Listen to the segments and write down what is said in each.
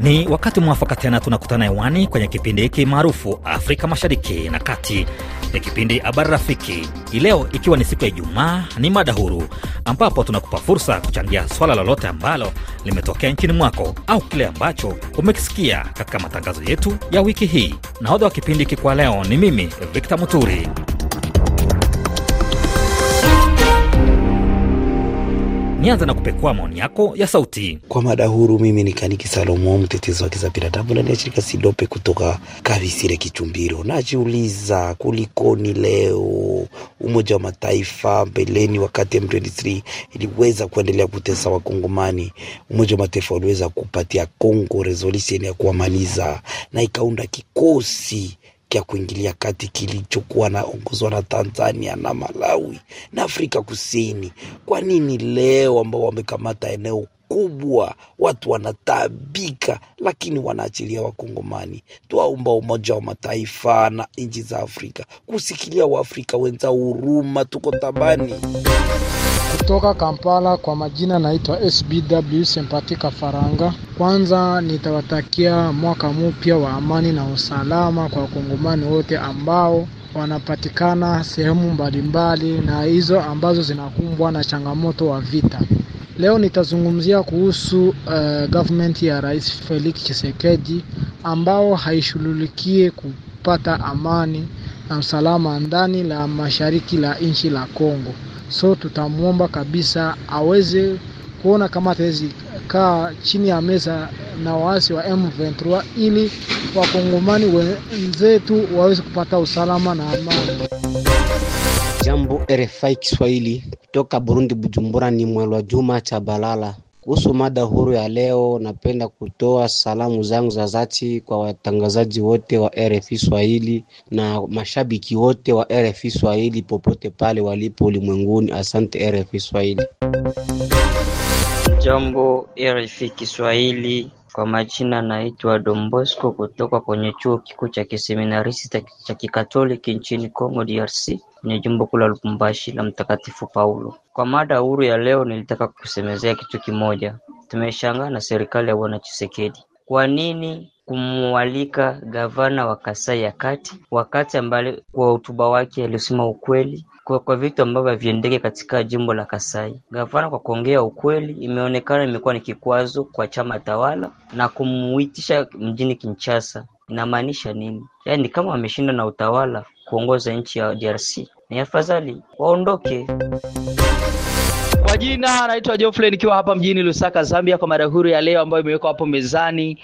Ni wakati mwafaka tena tunakutana hewani kwenye kipindi hiki maarufu Afrika Mashariki na Kati. Ni kipindi Habari Rafiki, ileo ikiwa ni siku ya Ijumaa, ni mada huru ambapo tunakupa fursa kuchangia swala lolote ambalo limetokea nchini mwako au kile ambacho umekisikia katika matangazo yetu ya wiki hii. Nahodha wa kipindi hiki kwa leo ni mimi Victor Muturi. nianza na kupekua maoni yako ya sauti. Kwa mada huru, mimi ni Kaniki Salomo, mtetezi wa haki za binadamu ndani ya shirika Sidope kutoka Kavisire, Kichumbiro. Najiuliza kulikoni leo Umoja wa Mataifa mbeleni, wakati M23 iliweza kuendelea kutesa Wakongomani, Umoja wa Mataifa uliweza kupatia Kongo resolution ya kuwamaliza na ikaunda kikosi ya kuingilia kati kilichokuwa naongozwa na Tanzania na Malawi na Afrika Kusini. Kwa nini leo ambao wamekamata eneo kubwa watu wanataabika, lakini wanaachilia Wakongomani. Twaomba Umoja wa Mataifa na nchi za Afrika kusikilia Waafrika wenza huruma, tuko tabani kutoka Kampala, kwa majina naitwa SBW Sempatika Faranga. Kwanza nitawatakia mwaka mpya wa amani na usalama kwa wakongomani wote ambao wanapatikana sehemu mbalimbali na hizo ambazo zinakumbwa na changamoto wa vita. Leo nitazungumzia kuhusu uh, government ya Rais Felix Tshisekedi ambao haishughulikie kupata amani na usalama ndani la mashariki la nchi la Kongo so tutamwomba kabisa aweze kuona kama atawezi kaa chini ya meza na waasi wa M23 ili wakongomani wenzetu waweze kupata usalama na amani. Jambo RFI Kiswahili kutoka Burundi, Bujumbura, ni Mwelwa Juma Chabalala. Kuhusu mada huru ya leo, napenda kutoa salamu zangu za dhati kwa watangazaji wote wa RFI Swahili na mashabiki wote wa RFI Swahili popote pale walipo ulimwenguni. Asante RFI Swahili. Jambo RFI Kiswahili. Kwa majina naitwa Don Bosco kutoka kwenye Chuo Kikuu cha kiseminaristi cha Kikatoliki nchini congo DRC kwenye Jimbo Kuu la Lubumbashi la Mtakatifu Paulo. Kwa mada huru ya leo nilitaka kusemezea kitu kimoja. Tumeshangaa na serikali ya Bwana Chisekedi. Kwa nini kumualika gavana wa Kasai ya Kati, wakati ambale kwa hotuba wake alisema ukweli kwa, kwa vitu ambavyo haviendeke katika jimbo la Kasai. Gavana kwa kuongea ukweli imeonekana imekuwa ni kikwazo kwa chama tawala na kumuitisha mjini Kinshasa. Inamaanisha nini? Yaani kama wameshinda na utawala kuongoza nchi ya DRC, ni afadhali waondoke. Kwa jina naitwa Geoffrey nikiwa hapa mjini Lusaka, Zambia, kwa mada huru ya leo ambayo imewekwa hapo mezani.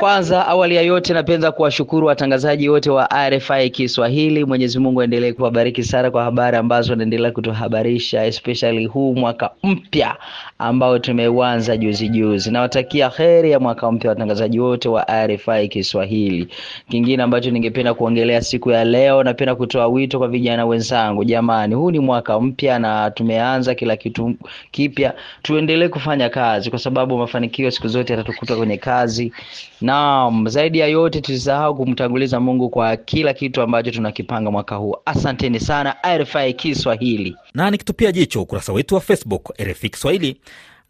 Kwanza, awali ya yote, napenda kuwashukuru watangazaji wote wa RFI Kiswahili. Mwenyezi Mungu aendelee kuwabariki sana kwa habari ambazo anaendelea kutuhabarisha, especially huu mwaka mpya ambao tumeuanza juzi juzi. Nawatakia heri ya mwaka mpya watangazaji wote wa RFI Kiswahili. Kingine ambacho ningependa kuongelea siku ya leo, napenda kutoa wito kwa vijana wenzangu, jamani, huu ni mwaka mpya na tumeanza kila kitu kipya, tuendelee kufanya kazi, kwa sababu mafanikio siku zote yatatukuta kwenye kazi. Na zaidi ya yote, tusisahau kumtanguliza Mungu kwa kila kitu ambacho tunakipanga mwaka huu. Asanteni sana RFI Kiswahili, na nikitupia jicho ukurasa wetu wa Facebook RFI Kiswahili.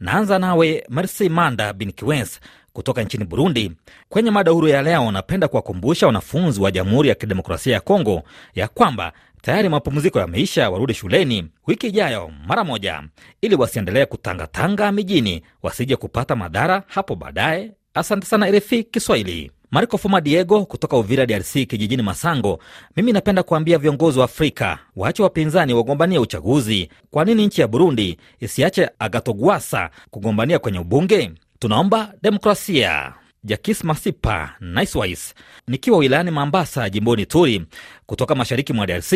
Naanza nawe Merci Manda bin Kiwens kutoka nchini Burundi. Kwenye mada huru ya leo, napenda kuwakumbusha wanafunzi wa Jamhuri ya Kidemokrasia ya Kongo ya kwamba Tayari mapumziko yameisha, warudi shuleni wiki ijayo mara moja, ili wasiendelee kutangatanga mijini, wasije kupata madhara hapo baadaye. Asante sana rf Kiswahili. Marco fuma Diego kutoka Uvira, DRC, kijijini Masango. Mimi napenda kuambia viongozi wa Afrika waache wapinzani wagombania uchaguzi. Kwa nini nchi ya Burundi isiache Agatogwasa kugombania kwenye ubunge? Tunaomba demokrasia. Jakis Masipa Naiswais nikiwa wilayani Mambasa jimboni Turi kutoka mashariki mwa DRC.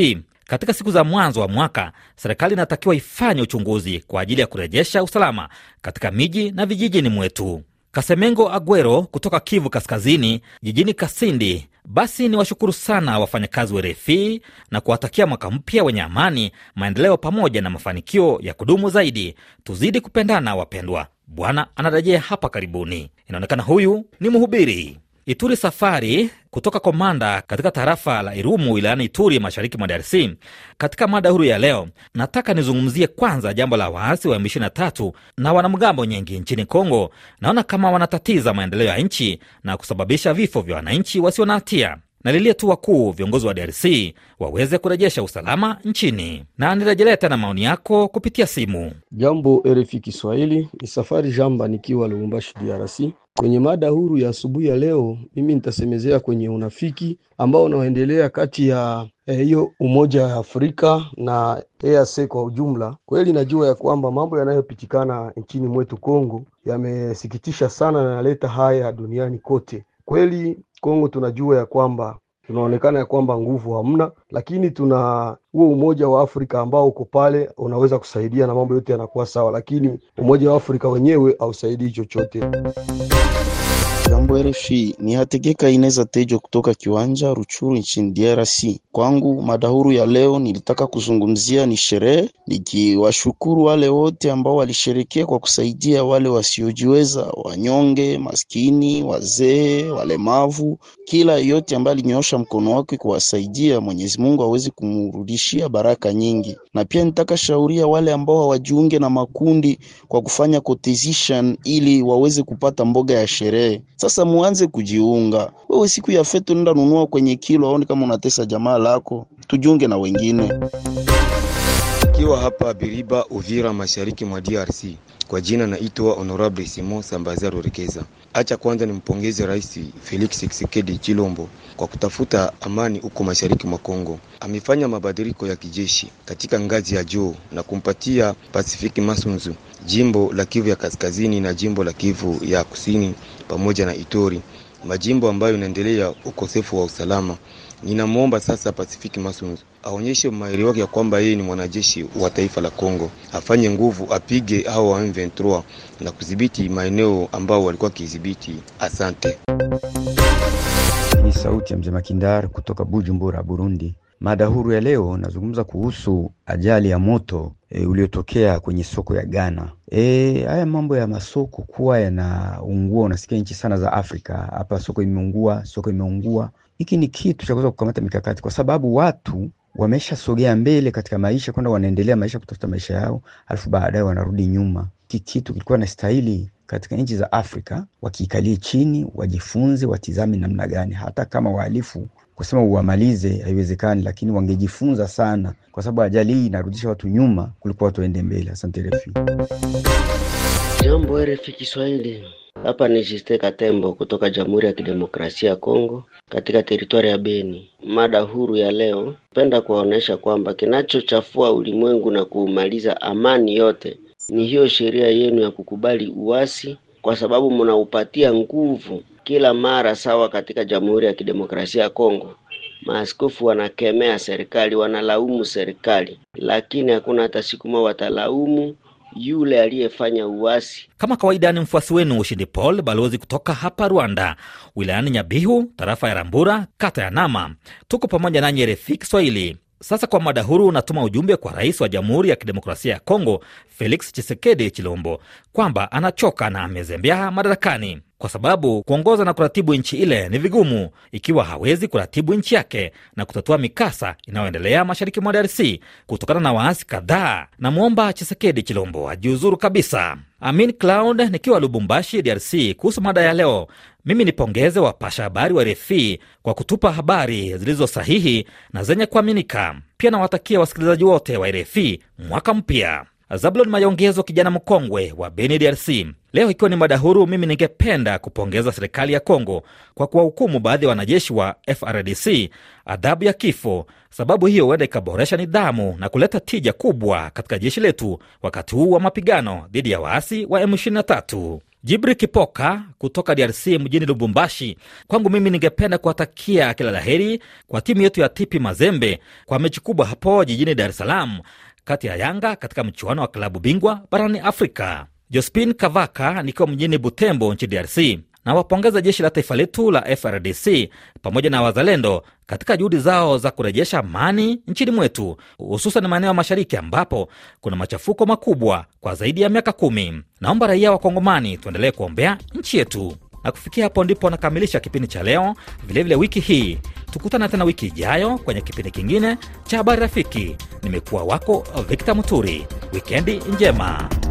Katika siku za mwanzo wa mwaka, serikali inatakiwa ifanye uchunguzi kwa ajili ya kurejesha usalama katika miji na vijijini mwetu. Kasemengo Agwero kutoka Kivu Kaskazini, jijini Kasindi. Basi ni washukuru sana wafanyakazi wa RFI na kuwatakia mwaka mpya wenye amani, maendeleo pamoja na mafanikio ya kudumu zaidi. Tuzidi kupendana wapendwa. Bwana anarejea hapa karibuni. Inaonekana huyu ni mhubiri. Ituri Safari kutoka Komanda katika tarafa la Irumu wilayani Ituri mashariki mwa DRC. Katika mada huru ya leo, nataka nizungumzie kwanza jambo la waasi wa M23 na wanamgambo nyingi nchini Kongo. Naona kama wanatatiza maendeleo ya nchi na kusababisha vifo vya wananchi wasio na hatia nalilia tu wakuu viongozi wa DRC waweze kurejesha usalama nchini. Na nirejelea tena maoni yako kupitia simu. Jambo RFI Kiswahili, ni safari jamba nikiwa Lubumbashi, DRC. Kwenye mada huru ya asubuhi ya leo, mimi nitasemezea kwenye unafiki ambao unaoendelea kati ya eh, hiyo eh, Umoja wa Afrika na ac kwa ujumla. Kweli najua ya kwamba mambo yanayopitikana nchini mwetu congo yamesikitisha sana na yanaleta haya duniani kote, Kweli Kongo tunajua ya kwamba tunaonekana ya kwamba nguvu hamna, lakini tuna huo umoja wa Afrika ambao uko pale, unaweza kusaidia na mambo yote yanakuwa sawa, lakini umoja wa Afrika wenyewe hausaidii chochote. Jambo RFI ni Hategeka Ineza Tejo kutoka kiwanja Ruchuru nchini DRC. Kwangu madahuru ya leo nilitaka kuzungumzia ni sherehe, nikiwashukuru wale wote ambao walisherekea kwa kusaidia wale wasiojiweza, wanyonge, maskini, wazee, walemavu, kila yote ambaye alinyoosha mkono wake kuwasaidia. Mwenyezi Mungu aweze kumrudishia baraka nyingi, na pia nitaka shauria wale ambao hawajiunge na makundi kwa kufanya cotization ili waweze kupata mboga ya sherehe. Sasa muanze kujiunga. Wewe siku ya fetu nenda nunua kwenye kilo, aone kama unatesa jamaa lako. Tujiunge na wengine. Nikiwa hapa Biriba, Uvira, mashariki mwa DRC. Kwa jina naitwa Honorable Simon Sambazaro Rekeza. Acha kwanza nimpongeze Rais Felix Tshisekedi Chilombo kwa kutafuta amani huko mashariki mwa Kongo. Amefanya mabadiliko ya kijeshi katika ngazi ya juu na kumpatia Pasifiki Masunzu jimbo la Kivu ya kaskazini na jimbo la Kivu ya kusini pamoja na Ituri, majimbo ambayo inaendelea ukosefu wa usalama Ninamwomba sasa Pacific Masunzu aonyeshe umahiri wake ya kwamba yeye ni mwanajeshi wa taifa la Kongo, afanye nguvu, apige hao wa M23 na kudhibiti maeneo ambao walikuwa wakidhibiti. Asante. Ni sauti ya mzee Makindar kutoka Bujumbura, Burundi. Mada huru ya leo nazungumza kuhusu ajali ya moto e, uliotokea kwenye soko ya Ghana. E, haya mambo ya masoko kuwa yanaungua, unasikia nchi sana za Afrika, hapa soko imeungua, soko imeungua. Hiki ni kitu cha kuweza kukamata mikakati, kwa sababu watu wameshasogea mbele katika maisha, kwenda wanaendelea maisha kutafuta maisha yao, alafu baadaye wanarudi nyuma. Hiki kitu kilikuwa na stahili katika nchi za Afrika wakiikalie chini, wajifunze, watizame namna gani, hata kama wahalifu kusema uwamalize haiwezekani, lakini wangejifunza sana, kwa sababu ajali hii inarudisha watu nyuma kuliko watu waende mbele. Asante refi. Jambo RFI Kiswahili, hapa ni Juste Katembo kutoka Jamhuri ya Kidemokrasia ya Kongo katika teritwari ya Beni. Mada huru ya leo, napenda kuwaonyesha kwamba kinachochafua ulimwengu na kuumaliza amani yote ni hiyo sheria yenu ya kukubali uasi, kwa sababu mnaupatia nguvu kila mara sawa. Katika Jamhuri ya Kidemokrasia ya Kongo maaskofu wanakemea serikali, wanalaumu serikali, lakini hakuna hata siku moja watalaumu yule aliyefanya uasi. Kama kawaida, ni mfuasi wenu Ushindi Paul, balozi kutoka hapa Rwanda, wilayani Nyabihu, tarafa ya Rambura, kata ya Nama. Tuko pamoja na nyerethi Kiswahili. Sasa kwa mada huru, unatuma ujumbe kwa rais wa Jamhuri ya Kidemokrasia ya Kongo Felix Chisekedi Chilombo kwamba anachoka na amezembea madarakani kwa sababu kuongoza na kuratibu nchi ile ni vigumu ikiwa hawezi kuratibu nchi yake na kutatua mikasa inayoendelea mashariki mwa DRC kutokana na waasi kadhaa. Namwomba Chisekedi Chilombo ajiuzuru kabisa. Amin Cloud nikiwa Lubumbashi, DRC, kuhusu mada ya leo. Mimi nipongeze wapasha habari wa refi kwa kutupa habari zilizo sahihi na zenye kuaminika. Pia nawatakia wasikilizaji wote wa refi mwaka mpya Zablon Mayongezo, kijana mkongwe wa Beni, DRC. Leo ikiwa ni mada huru, mimi ningependa kupongeza serikali ya Kongo kwa kuwahukumu baadhi ya wanajeshi wa FRDC adhabu ya kifo. Sababu hiyo huenda ikaboresha nidhamu na kuleta tija kubwa katika jeshi letu wakati huu wa mapigano dhidi ya waasi wa M23. Jibri Kipoka kutoka DRC mjini Lubumbashi. Kwangu mimi ningependa kuwatakia kila laheri kwa timu yetu ya Tipi Mazembe kwa mechi kubwa hapo jijini Dar es Salaam kati ya Yanga katika mchuano wa klabu bingwa barani Afrika. Jospin Kavaka nikiwa mjini Butembo nchi DRC na wapongeza jeshi la taifa letu la FRDC pamoja na wazalendo katika juhudi zao za kurejesha amani nchini mwetu, hususan maeneo ya mashariki ambapo kuna machafuko makubwa kwa zaidi ya miaka kumi. Naomba raia wa Kongomani tuendelee kuombea nchi yetu. Na kufikia hapo ndipo nakamilisha kipindi cha leo, vilevile wiki hii. Tukutana tena wiki ijayo kwenye kipindi kingine cha Habari Rafiki. Nimekuwa wako Victor Muturi. Wikendi njema.